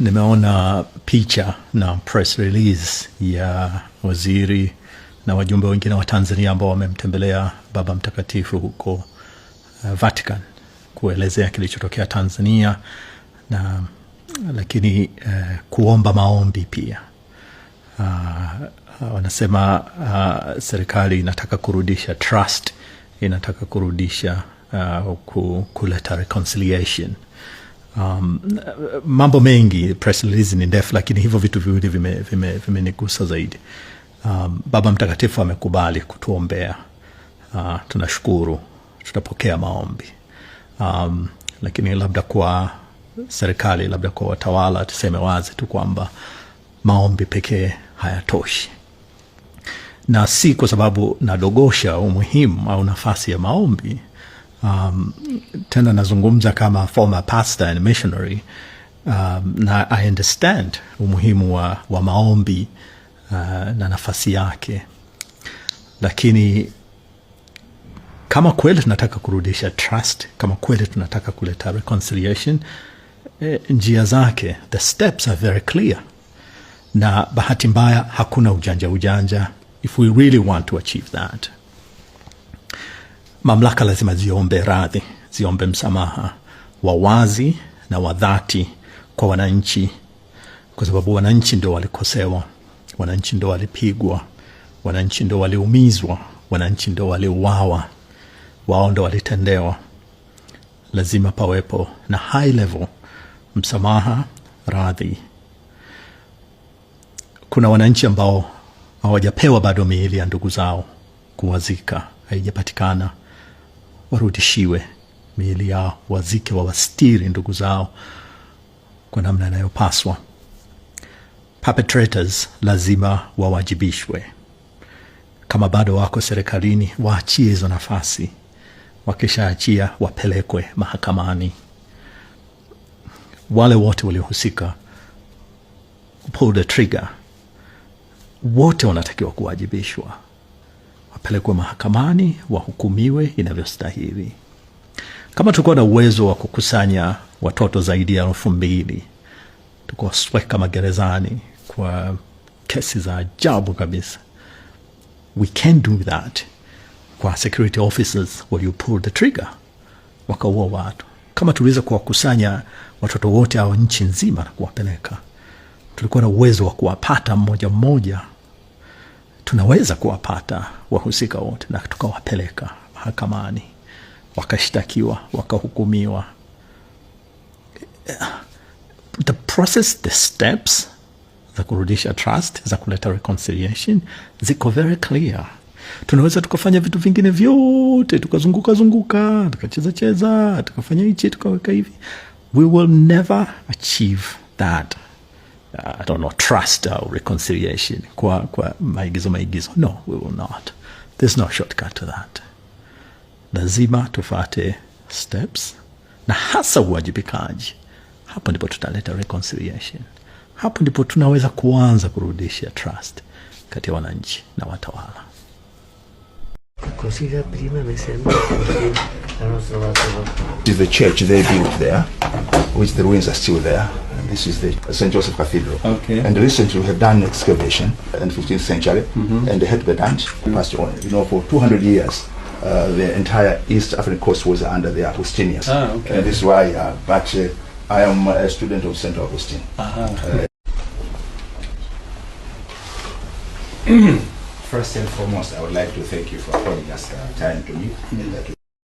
Nimeona picha na press release ya waziri na wajumbe wengine wa Tanzania ambao wamemtembelea Baba Mtakatifu huko uh, Vatican kuelezea kilichotokea Tanzania na lakini eh, kuomba maombi pia. Uh, wanasema uh, serikali inataka kurudisha trust, inataka kurudisha uh, kuleta reconciliation um, mambo mengi press release ni ndefu, lakini hivyo vitu viwili vimenigusa vime, vime zaidi. Um, Baba Mtakatifu amekubali kutuombea. Uh, tunashukuru, tutapokea maombi um, lakini labda kwa serikali, labda kwa watawala, tuseme wazi tu kwamba maombi pekee hayatoshi, na si kwa sababu nadogosha umuhimu au nafasi ya maombi um, tena nazungumza kama former pastor and missionary um, na I understand umuhimu wa, wa maombi uh, na nafasi yake, lakini kama kweli tunataka kurudisha trust, kama kweli tunataka kuleta reconciliation eh, njia zake, the steps are very clear, na bahati mbaya hakuna ujanja ujanja if we really want to achieve that Mamlaka lazima ziombe radhi, ziombe msamaha wa wazi na wa dhati kwa wananchi, kwa sababu wananchi ndio walikosewa, wananchi ndio walipigwa, wananchi ndio waliumizwa, wananchi ndio waliuawa, wao ndio walitendewa. Lazima pawepo na high level msamaha, radhi. Kuna wananchi ambao hawajapewa bado miili ya ndugu zao kuwazika, haijapatikana warudishiwe miili yao, wazike, wawastiri ndugu zao kwa namna inayopaswa. Perpetrators lazima wawajibishwe. Kama bado wako serikalini, waachie hizo nafasi. Wakishaachia wapelekwe mahakamani. Wale wote waliohusika pull the trigger, wote wanatakiwa kuwajibishwa wapelekwe mahakamani wahukumiwe inavyostahili. Kama tulikuwa na uwezo wa kukusanya watoto zaidi ya elfu mbili tukawasweka magerezani kwa kesi za ajabu kabisa, we can do that kwa security officers will you pull the trigger, wakaua watu. Kama tuliweza kuwakusanya watoto wote hao nchi nzima na kuwapeleka, tulikuwa na uwezo wa kuwapata mmoja mmoja tunaweza kuwapata wahusika wote na tukawapeleka mahakamani wakashtakiwa wakahukumiwa the process the steps za kurudisha trust za kuleta reconciliation ziko very clear tunaweza tukafanya vitu vingine vyote tukazunguka zunguka tukacheza cheza tukafanya hichi tukaweka hivi we will never achieve that uh, I don't know, trust or reconciliation kwa, kwa maigizo maigizo. No, we will not. There's no shortcut to that. Lazima tufate steps na hasa uwajibikaji. Hapo ndipo tutaleta reconciliation. Hapo ndipo tunaweza kuanza kurudisha trust kati ya wananchi na watawala. Consigliere, The church they built there, which the ruins are still there, This is the St. Joseph Cathedral. Okay. And recently we have done excavation in 15th century mm-hmm. and the head pedant passed on. You know, for 200 years, uh, the entire East African coast was under the Augustinians. Ah, okay. And this is why, uh, but uh, I am a student of St. Augustine. Uh-huh. Uh, first and foremost, I would like to thank you for calling us uh, time to meet. Mm-hmm.